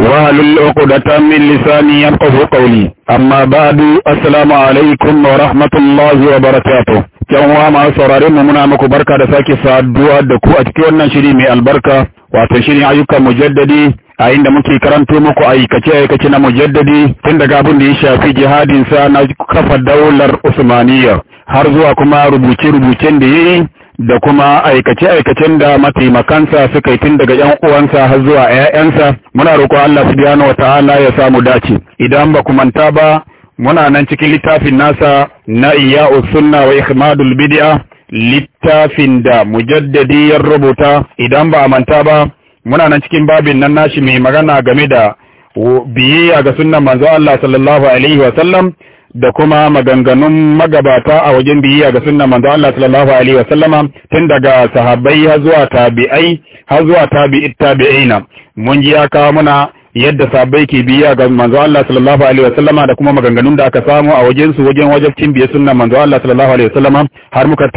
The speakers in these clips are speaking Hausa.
وهل عقدة من لساني يفقه قولي أما بعد السلام عليكم ورحمة الله وبركاته yan uwa masu sauraron mu muna muku barka da sake saduwa da ku a cikin wannan shirin mai albarka wato shirin ayyukan mujaddadi a inda muke karanto muku aikace aikace na mujaddadi tun daga abin da ya shafi jihadin sa na kafa daular Usmaniyya har zuwa kuma rubuce rubucen da yayi da kuma aikace-aikacen da mataimakansa suka yi tun daga ‘yan uwansa har zuwa ‘ya'yansa, muna roƙo Allah subhanahu wa ta'ala ya samu dace. Idan ba ku manta ba, muna nan cikin littafin nasa na iyya'u Sunna wa Ihmadul Bid'a, littafin da mujaddadi ya rubuta idan ba a manta ba, muna nan cikin babin nan nashi mai magana game da biyayya ga sunnan manzo Allah sallallahu alaihi wa sallam da kuma maganganun magabata a wajen biyayya ga sunna manzo Allah sallallahu alaihi wa sallama tun daga sahabbai har zuwa tabi'ai har zuwa tabi'it tabi'ina mun ji ya kawo muna yadda sabai ke biya ga manzo Allah sallallahu alaihi wasallama da kuma maganganun da aka samu a wajen su wajen wajabcin biye sunnan manzo Allah sallallahu alaihi wasallama har muka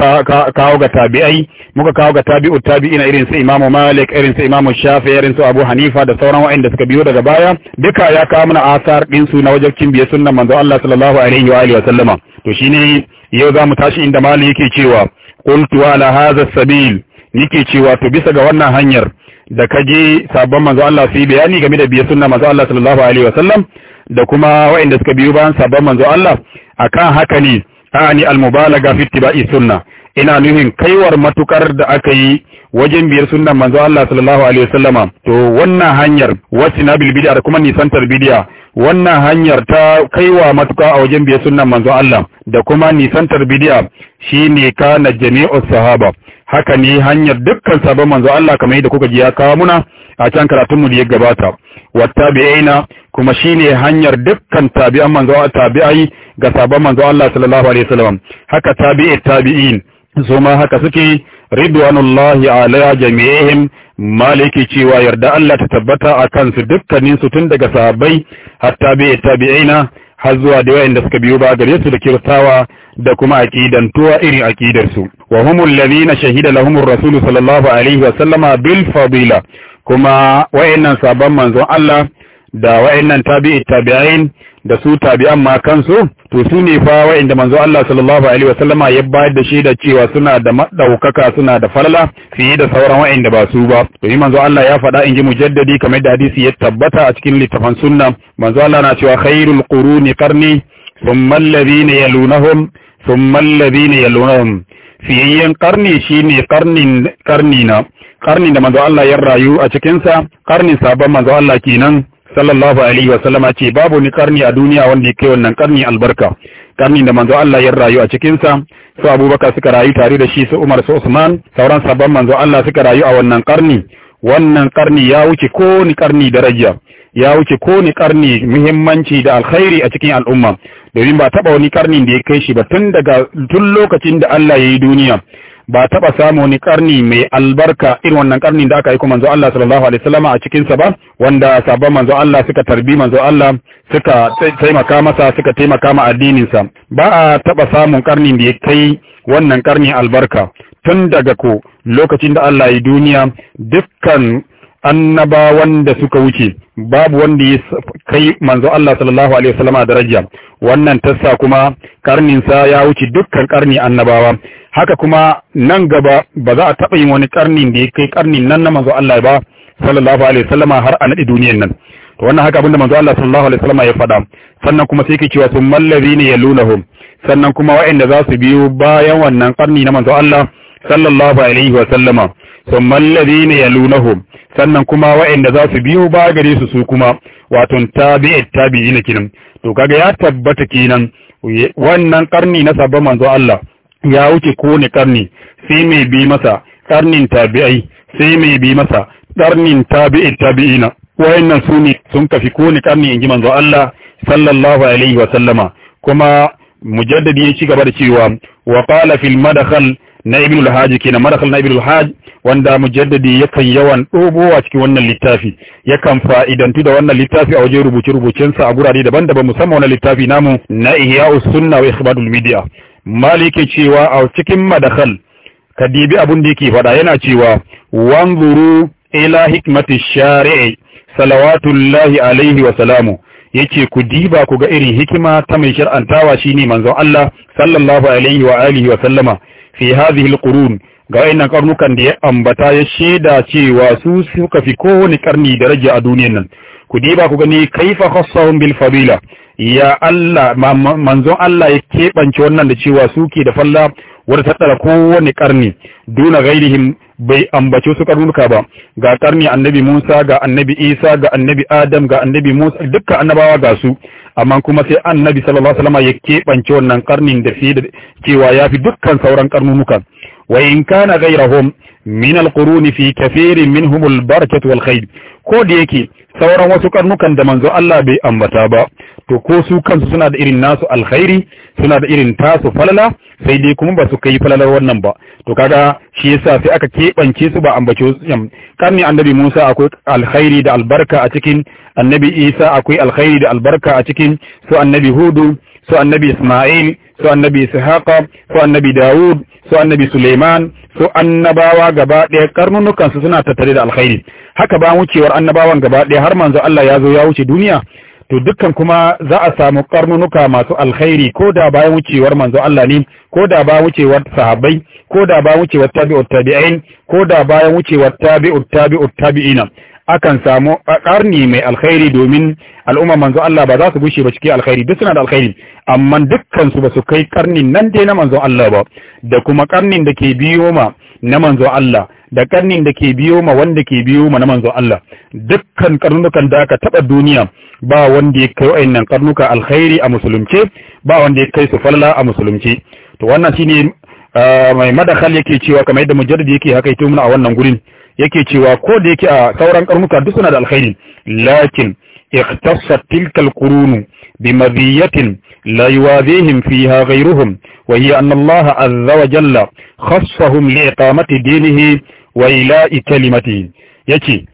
kawo ga tabi'ai muka kawo ga tabi'u tabi'ina irin su Imam Malik irin su Imam shafi irin su Abu Hanifa da sauran waɗanda suka biyo daga baya duka ya kawo mana asar din su na wajabcin biye sunnan manzo Allah sallallahu alaihi wa alihi wasallama to shine yau mu tashi inda Malik yake cewa qultu ala hadha sabil nike cewa to bisa ga wannan hanyar da ka je sabon manzo Allah su yi bayani game da biyar sunna manzo Allah sallallahu alaihi wasallam da kuma waɗanda suka biyo bayan sabon manzo Allah akan haka ne ani almubalaga mubalaga fi ittiba'i sunna ina nuhin kaiwar matukar da aka yi wajen biyar sunnan manzo Allah sallallahu alaihi wasallama to wannan hanyar wacce na bil bid'a da kuma nisantar bid'a wannan hanyar ta kaiwa matuka a wajen biye sunan manzon Allah da kuma nisantar bidiya shine kana jami'u sahaba haka ne hanyar dukkan sabon manzon Allah kamar yadda kuka ji ya kawo muna a can karatun mu da ya gabata wattabi'ina kuma shine hanyar dukkan tabi'an manzon tabi'ai ga sabon manzon Allah sallallahu alaihi wasallam haka tabi'i tabi'in su haka suke ridwanullahi ala jami'ihim maliki cewa yarda Allah ta tabbata a kansu dukkanin su tun daga sahabbai hatta bi tabi'ina har zuwa da wayanda suka biyo ba gare su da kirtawa da kuma aqidan tuwa irin aqidar su wa humul ladina shahida lahumur rasul sallallahu alaihi wa sallama bil fadila kuma wayannan sabon manzon Allah da wayannan tabi'i tabi'in da su tabi'an ma kansu to su ne fa wa'inda manzo Allah sallallahu alaihi wasallama ya bayar da shaida cewa suna da madaukaka suna da falala fiye da sauran wa'inda ba su ba to yi manzo Allah ya faɗa in ji mujaddadi kamar da hadisi ya tabbata a cikin littafan sunna manzo Allah na cewa khairul quruni qarni thumma alladhina yalunahum thumma alladhina yalunahum fiyayyen karni shine karnin karni na da manzo Allah ya rayu a cikin sa karnin sabon manzo Allah kenan sallallahu alaihi wa sallama ce babu ni karni a duniya wanda yake wannan karni albarka karni da manzo Allah ya rayu a cikin sa su Abubakar suka rayu tare da shi su Umar su Usman sauran sabban manzo Allah suka rayu a wannan karni wannan karni ya wuce ko ni karni daraja ya wuce ko ni karni muhimmanci da alkhairi a cikin al'umma domin ba taba wani karni da ya kai shi ba tun daga tun lokacin da Allah ya yi duniya ba taɓa samu wani ƙarni mai albarka irin wannan ƙarnin da aka yi ku manzo Allah sallallahu alaihi wasallam a cikin sa ba wanda sabon manzo Allah suka tarbi manzo Allah suka taimaka masa suka taimaka ma addinin sa ba a taɓa samun ƙarni da ya kai wannan ƙarni albarka tun daga ko lokacin da Allah ya duniya dukkan annaba wanda suka wuce babu wanda ya kai manzo Allah sallallahu alaihi wasallama daraja wannan tassa kuma karnin sa ya wuce dukkan karni annabawa haka kuma nan gaba ba za a taba yin wani karnin da ya kai karnin nan na manzo Allah ba sallallahu alaihi wasallama har a nadi duniyar nan to wannan haka abinda manzo Allah sallallahu alaihi wasallama ya faɗa sannan kuma sai yake cewa summal ladhina yalunahum sannan kuma wa'anda za su biyo bayan wannan karni na manzo Allah sallallahu alaihi wasallama ladini ya yalunahum sannan kuma wa'anda za su biyo ba gare su su kuma wato tabi'i tabi'ina kinan to kaga ya tabbata kinan wannan karni na sabon manzo Allah ya wuce ko ne karni sai mai bi masa karnin tabi'ai sai mai bi masa karnin tabi'i tabi'ina wayannan su ne sun kafi ko ne karni in ji manzo Allah sallallahu alaihi wa sallama kuma mujaddadi ya ci gaba da cewa wa qala fil madkhal na ibn al-hajj kenan madkhal na ibn al wanda mujaddadi yakan yawan a cikin wannan littafi yakan fa'idantu da wannan littafi a wajen rubuce sa a gurare daban-daban musamman wannan littafi namu na ihya'us sunna wa ikhbadul media malike cewa a cikin madkhal kadibi abun da yake fada yana cewa wanzuru ila hikmati shari'i salawatullahi alaihi wa salamu yace ku diba ku ga irin hikima ta mai shar'antawa shine manzon Allah sallallahu alaihi wa alihi wa sallama fi hadhihi alqurun ga wayannan karnukan da ya ambata ya shaida cewa su suka fi kowane karni daraja a duniyan nan ku diba ku gani kaifa khassahum bil fadila ya Allah manzon Allah ya keɓance wannan da cewa suke da falla wadda ta tsara kowane karni duna gairihim bai ambace su karnuka ba ga karni annabi Musa ga annabi Isa ga annabi Adam ga annabi Musa dukkan annabawa ga su amma kuma sai annabi sallallahu alaihi wasallam ya keɓance wannan karnin da fi cewa ya fi dukkan sauran karnunuka وإن كان غيرهم من القرون في كثير منهم ko da yake sauran wasu karnukan da manzo Allah bai ambata ba to ko su kansu suna da irin nasu alkhairi suna da irin tasu falala sai dai kuma ba su kai falalar wannan ba to kaga shi yasa sai aka keɓance su ba ambace su karni annabi Musa akwai alkhairi da albarka a cikin annabi Isa akwai alkhairi da albarka a cikin su annabi Hudu su annabi Ismail su annabi Ishaqa su annabi Dawud su annabi Suleiman su annabawa gaba ɗaya su suna tattare da alkhairi haka ba wucewar annabawan gaba ɗaya har manzo Allah ya zo ya wuce duniya to dukkan kuma za a samu karnunuka masu alkhairi ko da bayan wucewar manzo Allah ne ko da bayan wucewar sahabbai ko da bayan wucewar tabi'ut tabi'in ko da bayan wucewar tabi'ut tabi'ut tabi'ina akan samu karni mai alkhairi domin al'umma manzo Allah ba za su gushe ba cikin alkhairi duk suna da alkhairi amma dukkan su ba su kai karnin nan dai na manzo Allah ba da kuma karnin da ke biyo ma na manzo Allah da karnin da ke biyo ma wanda ke biyo ma na manzo Allah dukkan karnukan da aka taba duniya ba wanda ya kai wayannan karnuka alkhairi a musulunce ba wanda ya kai su falala a musulunce to wannan shine ah, mai madakhal yake cewa kamar yadda mujarrid yake haka ito mun a wannan gurin yake cewa ko da yake a sauran karnuka duk suna da alkhairi lakin ikhtassat tilkal kurunu bimadhiyatin la yuwadhihim fiha ghayruhum wa hiya anna Allah azza wa jalla khassahum liiqamati dinihi wa ila'i kalimatihi yake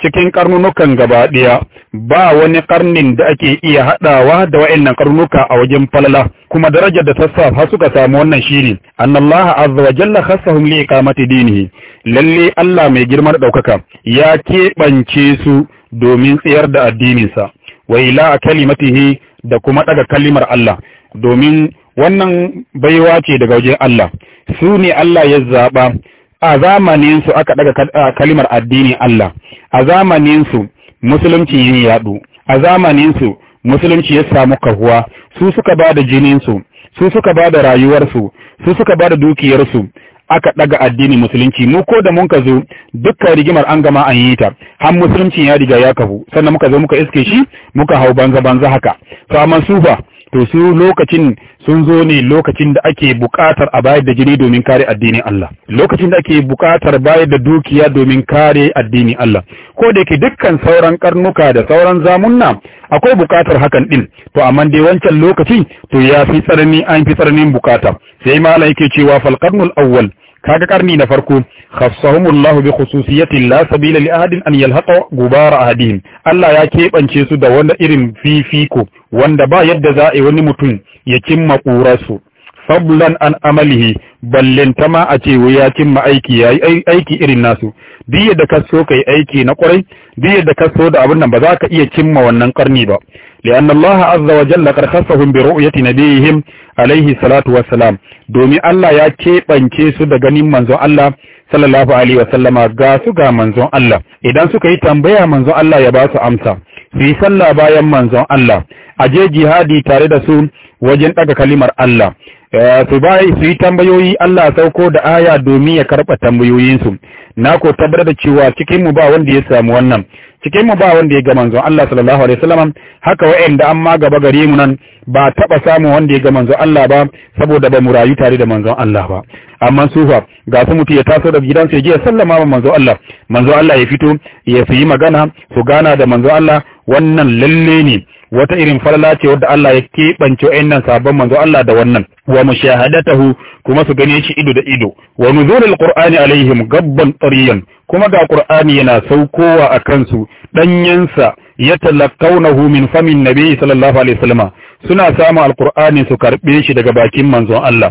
cikin karnunukan gaba ɗaya ba wani karnin da ake iya haɗawa da wa'annan karnuka a wajen falala kuma darajar da ta har suka samu wannan shiri annallaha azza wa jalla khassahum li iqamati dinihi lalle Allah mai girman ɗaukaka ya keɓance su domin tsayar da addininsa wa ila kalimatihi da kuma daga kalimar Allah domin wannan baiwa ce daga wajen Allah su ne Allah ya zaba. a zamaninsu aka ɗaga kalimar addinin Allah a zamaninsu musulunci yin yaɗu, a zamaninsu musulunci ya samu kahuwa su suka ba da jininsu su suka ba da rayuwarsu su suka ba da dukiyarsu aka ɗaga addinin musulunci mu ko da muka zo dukkan rigimar an gama an yi ta har musulunci ya riga ya kahu sannan muka zo muka iske shi muka hau banza banza haka to amma su ba. to su lokacin sun zo ne lokacin da ake buƙatar a bayar da jini domin kare addinin Allah lokacin da ake buƙatar bayar da dukiya domin kare addinin Allah ko da yake dukkan sauran karnuka da sauran zamunna akwai buƙatar hakan din to amma dai wancan lokaci to ya fi tsarni an fi tsarnin bukata sai malai yake cewa fal qarnul awwal kaga karni na farko khassahumullahu bi khususiyatin la sabila li ahadin an yalhaqa gubara ahadihim Allah ya kebance su da wani irin fifiko wanda ba yadda za a wani mutum ya cimma ƙurarsu fablan an amalihi ballinta ma a ce ya cimma aiki ya yi aiki irin nasu duk yadda ka so ka yi aiki na kwarai duk yadda ka so da abin nan ba za ka iya cimma wannan karni ba li'anna Allah azza wa jalla qad khassahum bi ru'yati nabiyihim alaihi salatu wa salam domin Allah ya keɓance su da ganin manzon Allah sallallahu alaihi wa sallama ga su ga manzon Allah idan suka yi tambaya manzon Allah ya ba su amsa su yi sallah bayan manzon Allah a jihadi tare da su wajen ɗaga kalimar Allah Eh, su ba su yi tambayoyi Allah sauko da aya domin ya karɓa tambayoyinsu na ko tabbatar da cewa cikin mu ba wanda ya samu wannan cikin mu ba wanda ya ga zuwa Allah sallallahu alaihi wasallam haka wa'anda an ma gaba gare mu nan ba taɓa samun wanda ya ga zuwa Allah ba saboda ba mu rayu tare da manzon Allah ba amma sufa ga su mutu ya taso da gidansa ya je ya sallama wa manzon Allah manzon Allah ya fito ya fi magana su gana da manzon Allah wannan lalle ne wata irin falala ce wadda Allah ya keɓance wa'annan sabon manzo Allah da wannan wa mushahadatahu kuma su gane shi ido da ido wa nuzulul qur'ani alaihim gabban tsariyan kuma ga qur'ani yana saukowa a kansu danyensa ya yatalaqawnahu min famin nabi sallallahu alaihi wasallam suna samu alqur'ani su karbe shi daga bakin manzon Allah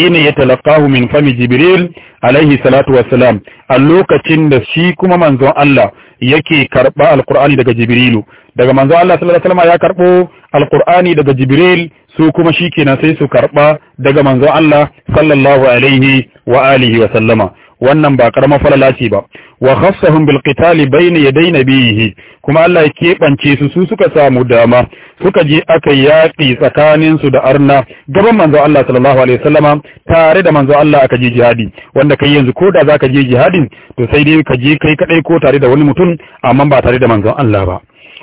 ya yatalaqahu min fami jibril alaihi salatu wassalam a lokacin da shi kuma manzon Allah yake karba alqur'ani daga jibrilu daga manzon Allah sallallahu alaihi wasallam ya karbo alqur'ani daga jibril su kuma shikenan sai su karba daga manzon Allah sallallahu alaihi wa alihi wa sallama wannan ba karamar falala ba wa khassahum bil qitali bayna yaday nabihi kuma Allah ya kebance su su suka samu dama suka je aka yaki tsakanin su da arna gaban manzo Allah sallallahu alaihi wasallama tare da manzo Allah aka je jihadi wanda kai yanzu ko da zaka je jihadin to sai dai ka je kai kadai ko tare da wani mutum amma ba tare da manzo Allah ba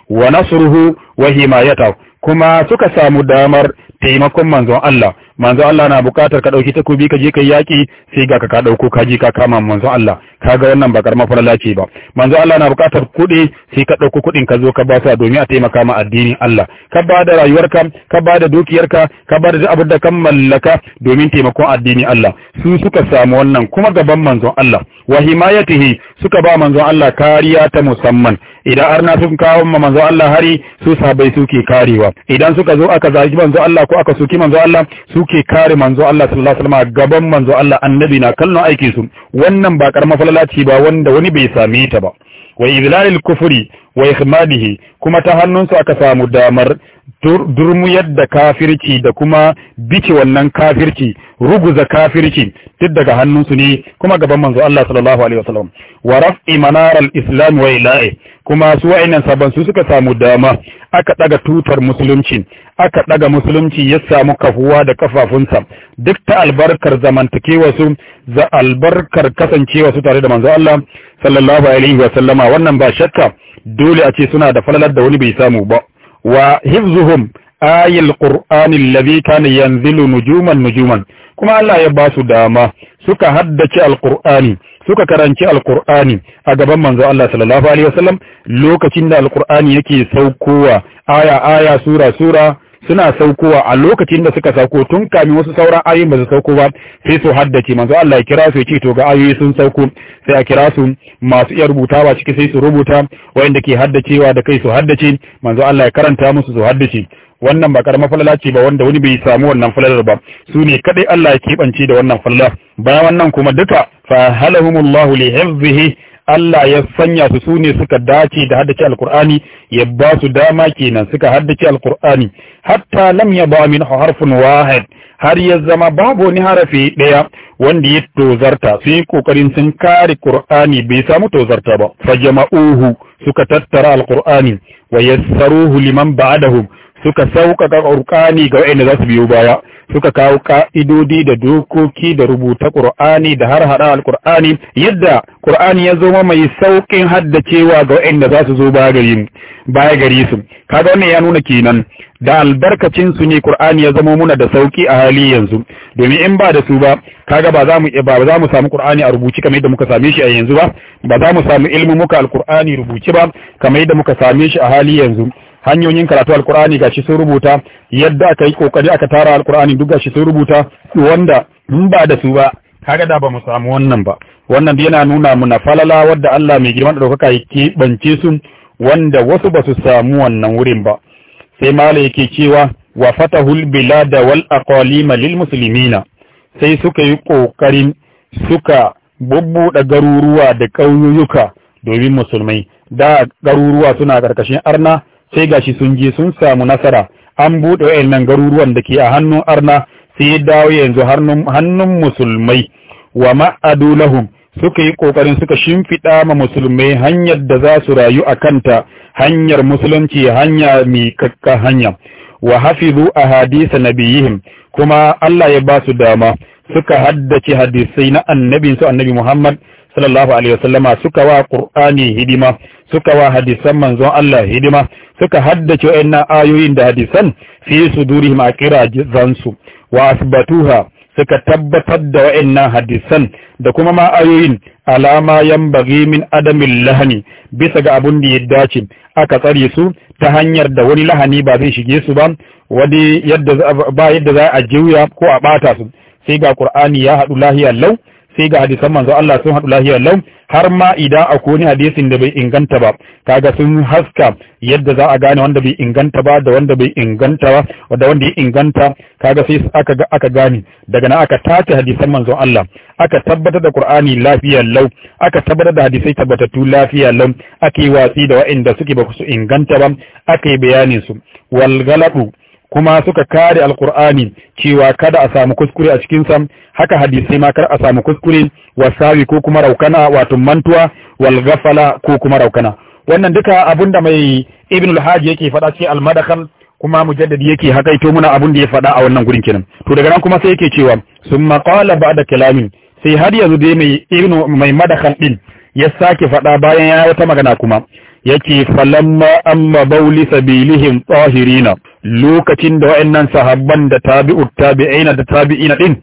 wa nasruhu wa himayatahu kuma suka samu damar taimakon manzo Allah manzo Allah na bukatar ka dauki takobi ka je kai yaki sai ga ka ka dauko ka je ka kama manzo Allah Ka ga wannan ba karma falala ce ba manzo Allah na bukatar kuɗi sai ka dauko kuɗin ka zo ka ba sa domin a taimaka ma addinin Allah ka ba da rayuwarka ka ba da dukiyarka ka ba da abin da kan mallaka domin taimakon addinin Allah su suka samu wannan kuma gaban manzon Allah wa himayatihi suka ba manzo Allah kariya ta musamman idan arna sun kawo ma manzo Allah hari su sabai suke karewa idan suka zo aka zagi manzo Allah ko aka suki manzo Allah su suke kare manzo Allah sallallahu alaihi wasallam gaban manzo Allah annabi na kallon aikin su wannan ba karamar falala ce ba wanda wani bai same ta ba wa izlalil kufri wa ihmadihi kuma ta hannunsu aka samu damar durmuyar da kafirci da kuma bice wannan kafirci ruguza kafirci duk daga hannunsu ne kuma gaban manzo Allah sallallahu alaihi wasallam wa raf'i manar al-islam wa ila'i kuma su wa'annan sabon su suka samu dama aka daga tutar musulunci aka daga musulunci ya samu kafuwa da kafafunsa duk ta albarkar zamantakewa su za albarkar kasancewa su tare da manzo Allah sallallahu alaihi wasallama wannan ba shakka dole a ce suna da falalar da wani bai samu ba wa hifzuhum ayil qur'ani allazi kana yanzilu nujuman nujuman kuma Allah ya ba su dama suka haddace alqur'ani suka karanci alqur'ani a gaban manzo Allah sallallahu alaihi wasallam lokacin da alqur'ani yake saukowa aya aya sura sura suna saukowa a lokacin da suka sauko tun kamin wasu sauran ayoyin ba su sauko ba sai su haddace manzo Allah ya kira su ya ce to ga ayoyi sun sauko sai a kira su masu iya rubutawa ciki sai su rubuta wayanda ke haddacewa da kai su haddace manzo Allah ya karanta musu su haddace wannan ba karamar falala ce ba wanda wani bai samu wannan falalar ba su ne kadai Allah ya keɓance da wannan falala bayan wannan kuma duka fa halahumullahu li hifzihi Allah ya sanya su sune suka dace da haddace alkur'ani ya ba su dama kenan suka haddace alkur'ani hatta lam ya ba min harfin wahid har ya zama babu wani harafi daya wanda ya tozarta sun yi kokarin sun kare qur'ani bai samu tozarta ba fa suka tattara alkur'ani wa yassaruhu liman ba'dahum suka sauƙaƙa ƙurƙani ga waɗanda za su biyo baya suka kawo ƙa'idodi da dokoki da rubuta ƙur'ani da har haɗa alƙur'ani yadda ƙur'ani ya zama mai sauƙin haddacewa ga waɗanda za su zo baya gari su kaga wannan ya nuna kenan da albarkacin su ne ƙur'ani ya zama muna da sauki a hali yanzu domin in ba da su ba kaga ba za mu ba za mu samu ƙur'ani a rubuci kamar yadda muka same shi a yanzu ba ba za mu samu ilmi muka al ƙurani rubuci ba kamar yadda muka same shi a hali yanzu hanyoyin karatu alkur'ani gashi sun rubuta yadda aka yi kokari aka tara alkur'ani duk gashi sun rubuta wanda in ba da su ba kaga da bamu samu wannan ba wannan yana nuna muna falala wadda Allah mai girman ɗaukaka ya keɓance su wanda wasu ba su samu wannan wurin ba sai mala yake cewa wa fatahul bilada wal aqalima lil muslimina sai suka yi kokarin suka bubbuɗe garuruwa da ƙauyuka domin musulmai da garuruwa suna ƙarƙashin arna sai gashi sun je sun samu nasara an buɗe wayannan garuruwan da ke a hannun arna sai ya dawo yanzu hannun musulmai wa ma'adu lahum suka yi ƙoƙarin suka shimfiɗa ma musulmai hanyar da za su rayu a kanta hanyar musulunci hanya mai kakka hanya wa hafizu hadisa nabiyihim kuma Allah ya ba su dama suka haddace hadisai na annabinsu annabi Muhammad sallallahu alaihi wasallama suka wa qur'ani hidima suka wa hadisan manzon Allah hidima suka haddace wayannan ayoyin da hadisan fi sudurihim kira zansu wa asbatuha suka tabbatar da wayannan hadisan da kuma ma ayoyin alama yambagi min adamin lahani bisa ga abun da ya dace aka tsare su ta hanyar da wani lahani ba zai shige su ba wani yadda ba yadda za a juya ko a bata su sai ga qur'ani ya haɗu lahiya lau sai ga hadisan manzo Allah sun haɗu lahiyar lau har ma idan a koni hadisin da bai inganta ba kaga sun haska yadda za a gane wanda bai inganta ba da wanda bai inganta ba da wanda ya inganta kaga sai aka aka gane daga nan aka tace hadisan manzo Allah aka tabbatar da Qur'ani lafiyar lau aka tabbatar da hadisai tabbatattu lafiya lau aka yi watsi da wa'inda suke ba su inganta ba aka yi bayanin su wal galabu kuma suka kare alkur'ani cewa kada a samu kuskure a cikinsa haka hadisai ma kar a samu kuskure wasawi ko kuma raukana wato mantuwa wal ghafala ko kuma raukana wannan duka abinda mai ibn al-hajj yake faɗa ce al-madakhal kuma mujaddadi yake hakaito muna abun da ya fada a wannan gurin kenan to daga nan kuma sai yake cewa summa qala ba'da kalamin sai har yanzu dai mai ibn mai madakhal din ya sake faɗa bayan ya wata magana kuma yake falamma amma bauli sabilihim tahirina lokacin da wayannan sahabban da tabi'ut tabi'ina da tabi'ina din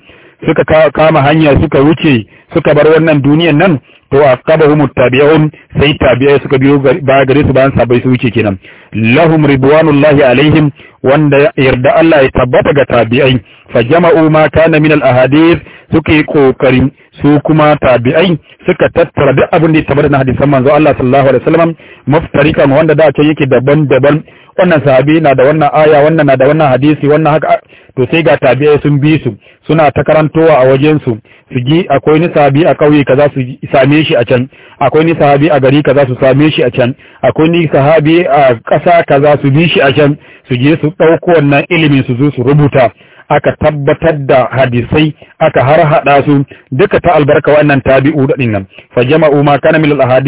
suka kama hanya suka wuce suka bar wannan duniyar nan to aqabahum tabi'un sai tabi'ai suka biyo ba gare su bayan sabai su wuce kenan lahum ridwanullahi alaihim wanda yarda Allah ya tabbata ga tabi'ai fa jama'u ma kana min al ahadith suka yi kokarin su kuma tabi'ai suka tattara duk abin da ya tabbata na hadisan manzo Allah sallallahu alaihi wasallam muftarika wanda da ake yake daban-daban wannan sahabi na da wannan aya wannan na da wannan hadisi wannan haka to sai ga tabi'ai sun bi su suna ta karantowa a wajen su su ji akwai ni sahabi a kauye kaza su same shi a can akwai ni sahabi a gari kaza su same shi a can akwai ni sahabi a ƙasa kaza su bi shi a can su je su ɗauko wannan ilimin su zo su rubuta aka tabbatar da hadisai aka har su duka ta albarka wannan tabi'u din nan fa jama'u ma kana min al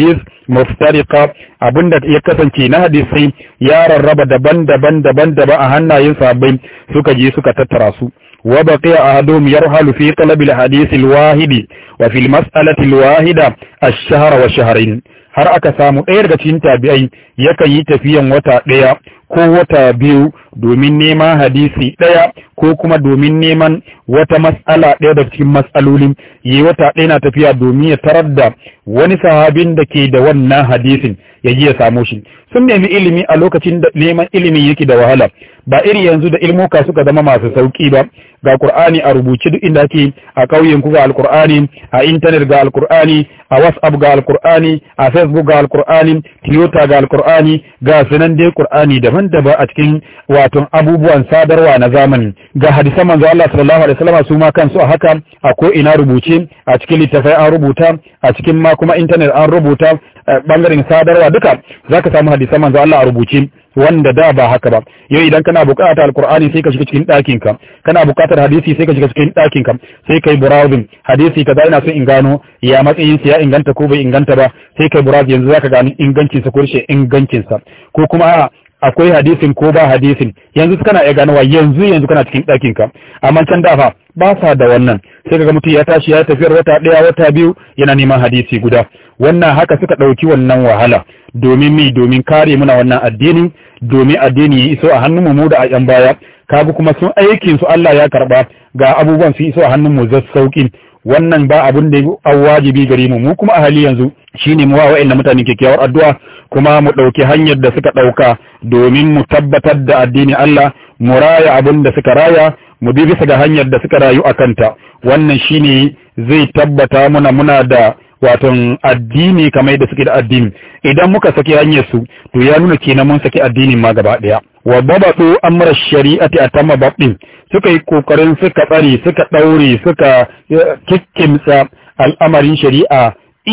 muftariqa abinda ya kasance na hadisai ya rarraba daban-daban daban-daban a hannayen sahabbai suka je suka tattara su wa baqiya ahaduhum yarhalu fi talab al-hadith wa fi al-mas'alati al-wahida ash-shahra wa har aka samu ɗaya daga cikin tabi'ai yakan yi tafiyan wata ɗaya ko wata biyu domin neman hadisi ɗaya ko kuma domin neman wata matsala ɗaya da cikin mas'alolin yi wata ɗaya na tafiya domin ya tarar da wani sahabin da ke da wannan hadisin ya ji ya samo shi sun nemi ilimi a lokacin da neman ilimin yake da wahala ba iri yanzu da ilmuka suka zama masu sauki ba ga Qur'ani a rubuce duk inda ake a kauyen ku ga Al-Qur'ani a internet ga Al-Qur'ani a WhatsApp ga Al-Qur'ani a Facebook ga Al-Qur'ani Toyota ga Al-Qur'ani ga sunan dai Qur'ani daban-daban a cikin wato abubuwan sadarwa na zamani ga hadisan manzo Allah sallallahu alaihi wasallam su ma kansu a haka a ko ina rubuce a cikin littafai an rubuta a cikin ma kuma internet an rubuta Eh, bangaren sadarwa duka zaka samu hadisan manzo Allah a rubuce wanda da ba haka ba yau idan kana buƙatar alqur'ani sai ka shiga cikin ɗakin ka kana buƙatar hadisi sai ka shiga cikin ɗakin ka sai kai browsing hadisi kaza ina so in gano ya matsayin ya inganta ko bai inganta ba sai kai browsing yanzu zaka gano ingancin sa ko rashin ingancin sa ko kuma akwai hadisin ko ba hadisin yanzu kana iya ganowa yanzu yanzu kana cikin ɗakin ka amma can dafa ba sa da wannan sai kaga mutum ya tashi ya tafiyar wata ɗaya wata biyu yana neman hadisi guda wannan haka suka ɗauki wannan wahala domin mi domin kare muna wannan addinin domin addini ya iso a hannun mu da a baya kaga kuma sun aikin su Allah ya karba ga abubuwan su iso a hannun mu zai wannan ba abin da an wajibi gare mu kuma a hali yanzu shi ne mu wa wa'annan mutanen kyakkyawar addu'a kuma mu ɗauki hanyar da suka ɗauka domin mu tabbatar da addinin Allah mu raya abun da suka raya mu bi bisa ga hanyar da suka rayu a kanta wannan shi ne zai tabbata muna muna da waton addini kamar da suke da addini idan muka saki hanyar su to ya nuna kenan mun saki addinin ma gaba daya wa babatu amra shari'ati atamma babin suka yi kokarin suka tsare suka daure suka eh, kikkimsa al'amarin shari'a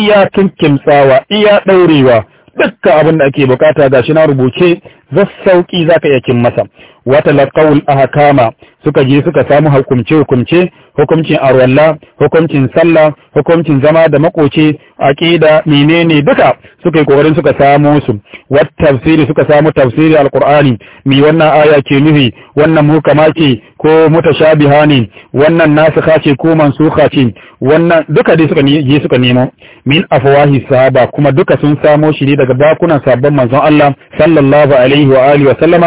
iya kikkimsawa iya daurewa dukkan abin da ake bukata gashi na rubuce zassauki za ka iya cin masa wata laƙawul hakama suka je suka samu hukumce hukumce hukumcin arwalla hukumcin sallah hukumcin zama da makoce aƙida, menene duka suka yi kokarin suka samu su wat tafsiri suka samu tafsiri Alƙur'ani. mi wannan aya ke nufi wannan muhkama ko mutashabiha ne wannan nasikha ce ko mansukha ce wannan duka dai suka je suka nemo min afwahi sahaba kuma duka sun samo shi ne daga bakunan sabon manzon Allah sallallahu alaihi عليه وآله وسلم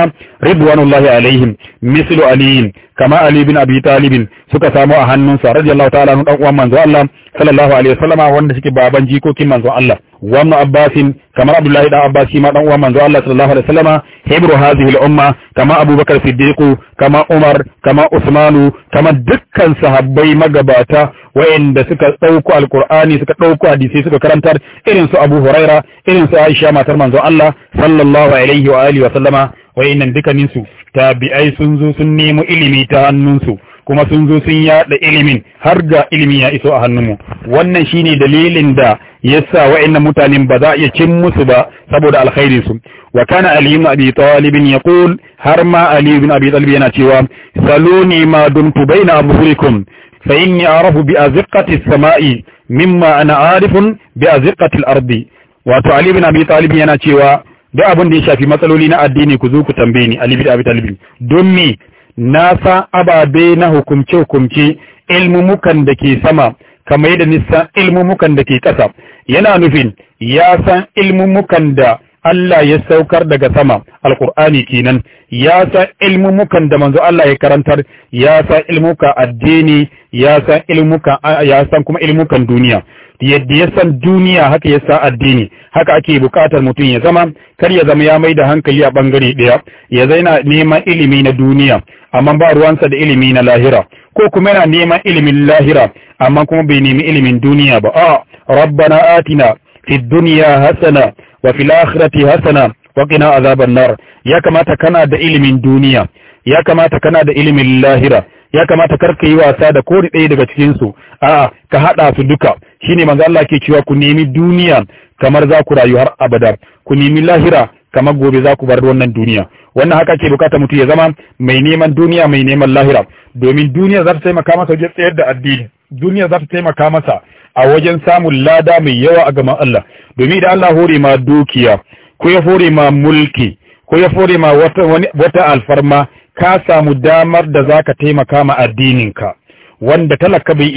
ridwanullahi alaihim mislu aliyin kama ali bin abi talibin suka samu a hannunsa radiyallahu ta'ala anhu dan uwan manzo Allah sallallahu alaihi wasallam wanda suke baban jikokin manzo Allah wa ibn abbasin kama abdullahi dan abbas shi ma dan uwan manzo Allah sallallahu alaihi wasallam hibru hadhihi al-umma kama abubakar siddiq kama umar kama usmanu kama dukkan sahabbai magabata wayanda suka dauko alqur'ani suka dauko hadisi suka karantar irin su abu huraira irin su aisha matar manzo Allah sallallahu alaihi wa alihi wa sallama wayannan dukkaninsu tabi'ai sun zo sun nemo ilimi ta hannunsu kuma sun zo sun yada ilimin har ga ilimi ya iso a hannunmu wannan shine dalilin da ya sa wa'annan mutanen ba za a iya cin musu ba saboda alkhairin su wa kana ali ibn abi talib yaqul har ma ali ibn abi talib yana cewa saluni ma dumtu baina aburikum fa inni a'rafu bi azqati as-sama'i mimma ana arifun bi azqati al-ardi wato ali ibn abi talib yana cewa duk abin da ya shafi matsaloli na addini ku zo ku tambaye ni Ali bin Abi Talib don me na sa ababe na hukumce hukumce ilmumukan da ke sama kamar yadda nisa ilmumukan da ke ƙasa yana nufin ya san ilmumukan da Allah ya saukar daga sama alkur'ani kenan ya san ilmumukan da manzo Allah ya karantar ya san ilmuka addini ya ilmuka ya san kuma ilmukan duniya yadda ya san duniya haka ya sa addini haka ake bukatar mutum ya zama kar ya zama ya mai da hankali a bangare ɗaya ya zaina neman ilimi na duniya amma ba ruwansa da ilimi na lahira ko kuma yana neman ilimin lahira amma kuma bai nemi ilimin duniya ba a rabbana atina fid dunya hasana wa fil akhirati hasana wa qina azaban nar ya kamata kana da ilimin duniya ya kamata kana da ilimin lahira ya kamata kar ka yi wasa da kori ɗaya daga cikin su a'a ka haɗa su duka shine manzo Allah ke cewa ku nemi duniya kamar za ku rayu har abada ku nemi lahira kamar gobe za ku bar wannan duniya wannan haka ke bukata mutu ya zama mai neman duniya mai neman lahira domin duniya za ta taimaka masa wajen tsayar da addini duniya za ta taimaka masa a wajen samun lada mai yawa a gaban Allah domin idan Allah hore ma dukiya ko ya hore ma mulki ko ya hore ma wata alfarma ka samu damar da zaka taimaka ma addininka wanda talaka bai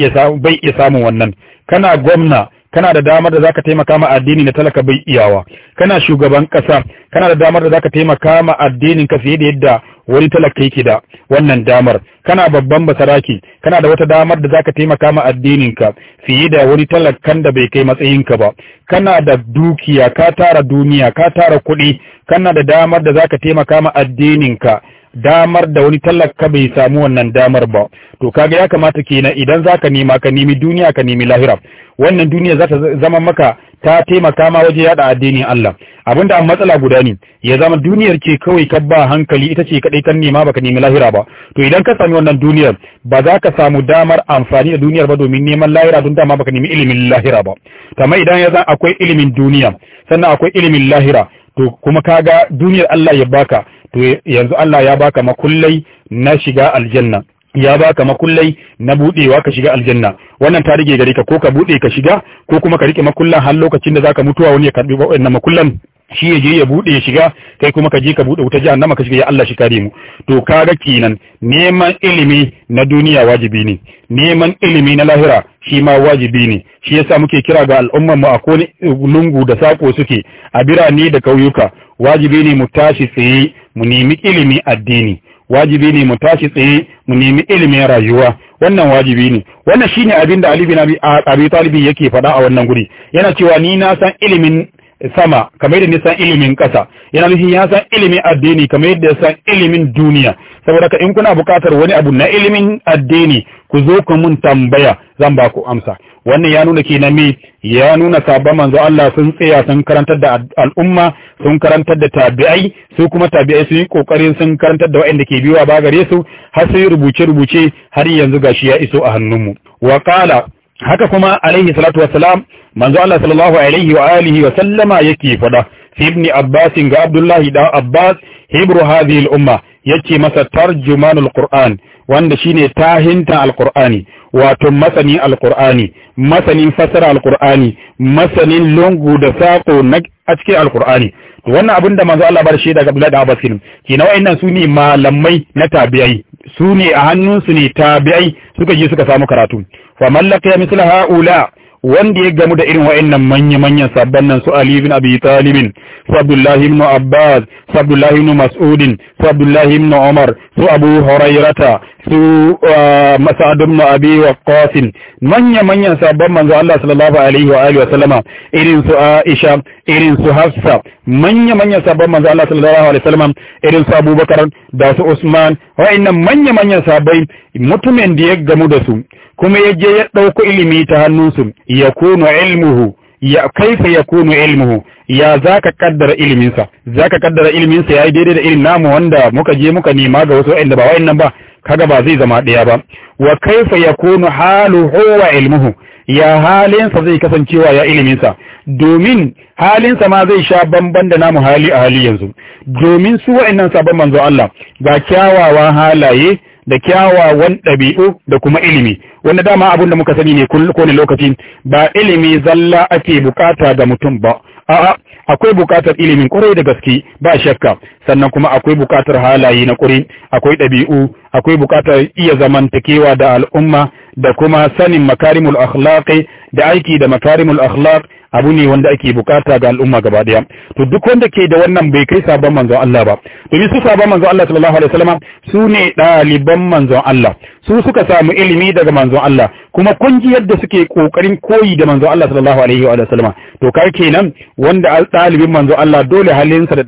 iya samun wannan kana gwamna kana da damar da zaka taimaka ma addini da talaka bai iyawa kana shugaban kasa kana da damar da zaka taimaka ma addininka fiye da yadda wani talaka yake da wannan damar kana babban basaraki kana da wata damar da zaka taimaka ma addinin fiye da wani talakan da bai kai matsayinka ba kana da dukiya ka tara duniya ka tara kuɗi kana da damar da zaka taimaka ma addininka damar da wani tallaka bai samu wannan damar ba to kaga ya kamata kenan idan zaka nema ka nemi duniya ka nemi lahira wannan duniya za ta zama maka ta taimaka ma waje yada addinin Allah abinda an matsala guda ne ya zama duniyar ke kawai ka ba hankali ita ce kadai kan nema baka nemi lahira ba to idan ka sami wannan duniyar ba za ka samu damar amfani da duniyar ba domin neman lahira don dama baka nemi ilimin lahira ba kuma idan ya akwai ilimin duniya sannan akwai ilimin lahira to kuma kaga duniyar Allah ya baka to yanzu Allah ya baka makullai na shiga aljanna ya baka makullai na budewa ka shiga aljanna wannan ta rige gare ka ko ka bude ka shiga ko kuma ka rike makullan har lokacin da zaka mutuwa wani ya karbi wannan makullan shi ya je ya bude ya shiga kai kuma ka je ka bude wuta jahannama ka shiga ya Allah shi kare mu to kaga kenan neman ilimi na duniya wajibi ne neman ilimi na lahira shi ma wajibi ne shi yasa muke kira ga al'ummar mu a lungu da sako suke a birane da kauyuka wajibi ne mu tashi tsaye mu nemi ilimi addini wajibi ne mu tashi tsaye mu nemi ilimin rayuwa wannan wajibi ne wannan shine abin da bi a Abi talibi yake faɗa a wannan guri yana cewa ni na san ilimin sama kamar yadda nisan ilimin ƙasa yana nufin ya san ilimin addini kamar yadda san ilimin duniya saboda ka in kuna buƙatar wani abu na ilimin addini ku zo ku mun tambaya zan ba ku amsa wannan ya nuna kenan me ya nuna sabon manzo Allah sun tsaya sun karantar da al'umma sun karantar da tabi'ai su kuma tabi'ai sun yi kokarin sun karantar da waɗanda ke biyuwa ba gare su har sai rubuce rubuce har yanzu gashi ya iso a hannunmu wa qala haka kuma alaihi salatu wassalam manzo Allah sallallahu alaihi wa alihi wa sallama yake fada fi ibn Abbas ga Abdullahi da Abbas hibru hadhihi al-umma yace masa al qur'an wanda shine tahinta al-qur'ani wato masani al-qur'ani masanin fasara al-qur'ani masanin lungu da saƙo na a cikin al-qur'ani to wannan abin da manzo Allah bar daga Abdullah da Abbas kin kina wayannan su ne malamai na tabi'ai su ne a hannun su ne tabi'ai suka je suka samu karatu fa mallaka misla haula wanda ya gamu da irin wa'annan manya-manyan sabban nan su Ali ibn Abi Talib su Abdullah ibn Abbas su Abdullah ibn Mas'ud su Abdullah ibn Umar su Abu Hurairata su uh, masadun ma'abi wa qasim manya-manyan sabon manzo Allah sallallahu alaihi wa Alaihi wa salama irin su Aisha irin su Hafsa manya-manyan sabon manzo Allah sallallahu alaihi wa salama irin su Abubakar da su Usman wa'annan manya-manyan sabai mutumin da ya gamu da su kuma ya je ya dauko ilimi ta hannunsu kuno ilmuhu ya kaifa kuno ilmuhu ya za ka kaddara iliminsa ka kaddara iliminsa yi daidai da irin namu wanda muka je muka nema ga wasu wa'anda ba wa'annan ba kaga ba zai zama ɗaya ba wa kaifa yakunu halu wa ilmuhu ya halinsa zai kasancewa ya iliminsa domin halinsa ma zai sha bamban da namu hali a hali yanzu domin su wa'annan sabon manzo Allah ga kyawawan halaye da kyawawan ɗabi'u da kuma ilimi wanda dama abun da muka sani ne kowane lokaci ba ilimi zalla ake bukata ga mutum ba a'a akwai buƙatar ilimin kwarai da gaske ba shakka sannan kuma akwai buƙatar halaye na ƙuri akwai ɗabi'u akwai buƙatar iya zamantakewa da al'umma da kuma sanin makarimul akhlaqi da aiki da makarimul akhlaq abu ne wanda ake bukata ga al'umma gaba daya to duk wanda ke da wannan bai kai sabon manzon Allah ba domin su sabon manzon Allah sallallahu alaihi wasallam su ne daliban manzon Allah su suka samu ilimi daga manzon Allah kuma kun ji yadda suke kokarin koyi da manzon Allah sallallahu alaihi wasallam to kai kenan wanda dalibin manzon Allah dole halin sa da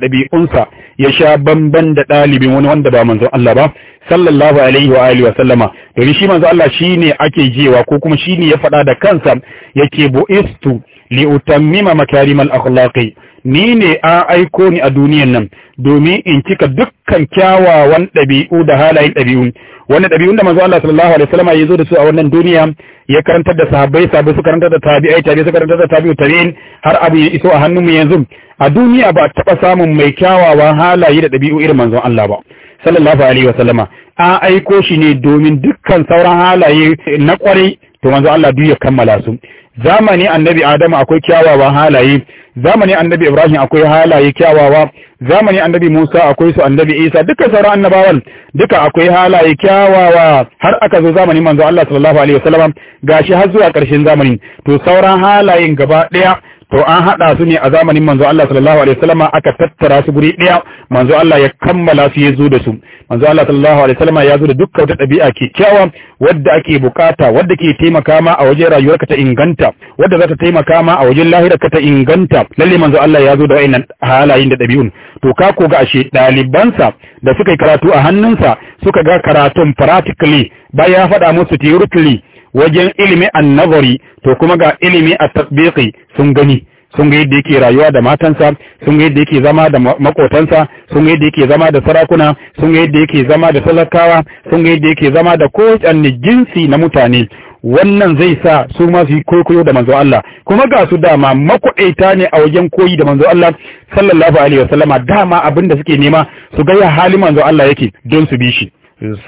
sa. ya sha bamban da ɗalibin wani wanda ba manzon Allah ba sallallahu alaihi wa alihi wa sallama domin shi manzon Allah shine ake jewa ko kuma shine ya faɗa da kansa yake bu'istu li utammima makarimal akhlaqi ni ne a aiko ni a duniyan nan domin in cika dukkan kyawawan ɗabi'u da halayen ɗabi'u wannan ɗabi'un da manzo Allah sallallahu alaihi wasallam ya zo da su a wannan duniya ya karanta da sahabbai sahabbai su karantar da tabi'ai tabi'ai su karantar da tabi'u tabi'in har abu ya iso a hannun mu yanzu a duniya ba taɓa samun mai kyawawan halaye da ɗabi'u irin manzo Allah ba sallallahu alaihi wasallama A aiko shi ne domin dukkan sauran halaye na kwarai to manzo Allah duk ya kammala su zamani annabi Adamu akwai kyawawa halaye zamani annabi Ibrahim akwai halaye kyawawa zamani annabi Musa akwai su annabi Isa duka sauran annabawan duka akwai halaye kyawawa har aka zo zamanin manzo Allah sallallahu alaihi wasallam gashi har zuwa karshen zamani to sauran halayen gaba ɗaya to an haɗa su ne a zamanin manzo Allah sallallahu alaihi wasallam aka tattara su guri ɗaya manzo Allah ya kammala su yazo da su manzo Allah sallallahu alaihi wasallam ya zo da dukkan wata dabi'a kyawa wadda ake bukata wadda ke taimaka ma a wajen rayuwarka ta inganta wadda za ta taimaka ma a wajen lahirarka ta inganta lalle manzo Allah ya zo da wayannan halayen da ɗabi'un to ka ko ga ashe ɗalibansa da suka yi karatu a hannunsa suka ga karatun practically bayan ya faɗa musu theoretically wajen ilimi annabari to kuma ga ilimi a tasbiki sun gani sun ga yadda yake rayuwa da matansa sun ga yadda yake zama da makotansa sun ga yadda yake zama da sarakuna sun ga yadda yake zama da talakawa sun ga yadda yake zama da kowace jinsi na mutane wannan zai sa su ma su yi koyo da manzo Allah kuma ga su dama makwaita ne a wajen koyi da manzo Allah sallallahu alaihi wasallama dama abinda suke nema su ga ya hali manzo Allah yake don su bi shi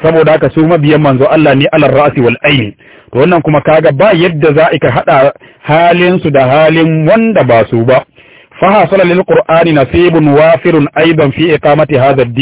saboda haka su mabiyan manzo Allah ne alal ra'si wal aini to wannan kuma kaga ba yadda za ka haɗa halinsu da halin wanda ba su ba fahasala na qur'ani nasibun wafirun aidan fi iqamati hadha ad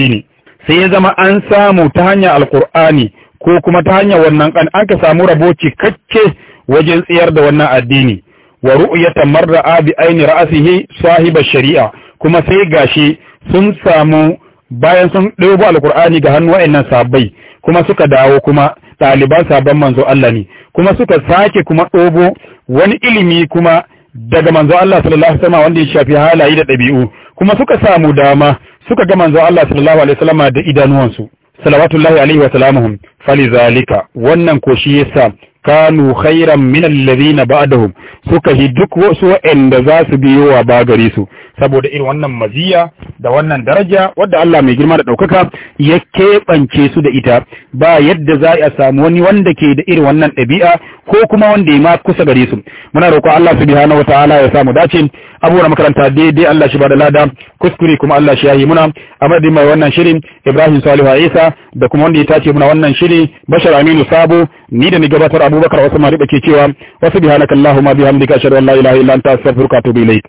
sai ya zama an samu ta hanyar alqur'ani ko kuma ta hanyar wannan kan an ka samu rabo cikakke wajen tsayar da wannan addini wa ru'yatan marra'a bi aini ra'sihi sahiba shari'a kuma sai gashi sun samu bayan sun ɗebo alqur'ani ga hannu wa'annan sabbai kuma suka dawo kuma ɗaliban sabon manzo Allah ne kuma suka sake kuma ɗogo wani ilimi kuma daga manzo Allah sallallahu alaihi wasallam wanda ya shafi halaye da ɗabi'u kuma suka samu dama suka ga manzo Allah sallallahu alaihi wasallama da idanuwansu salawatullahi alaihi wa fali falizalika wannan ko shi yasa kanu khairan min alladhina ba'dahum suka yi duk wasu waɗanda za su biyo wa ba gare su saboda irin wannan maziya da wannan daraja wadda Allah mai girma da ɗaukaka ya keɓance su da ita ba yadda za a samu wani wanda ke da irin wannan ɗabi'a ko kuma wanda ya ma kusa gare su muna roƙo Allah subhanahu wataala ya samu dace abubuwan makaranta daidai Allah shi ba da lada kuskure kuma Allah shi yayi muna a madadin mai wannan shirin Ibrahim Salihu Isa da kuma wanda ya tace muna wannan shiri Bashar Aminu Sabo ni da ni gabatar Abubakar Usman Riba ke cewa wasu bihanakallahumma bihamdika ashhadu an la ilaha illa anta astaghfiruka wa atubu ilaik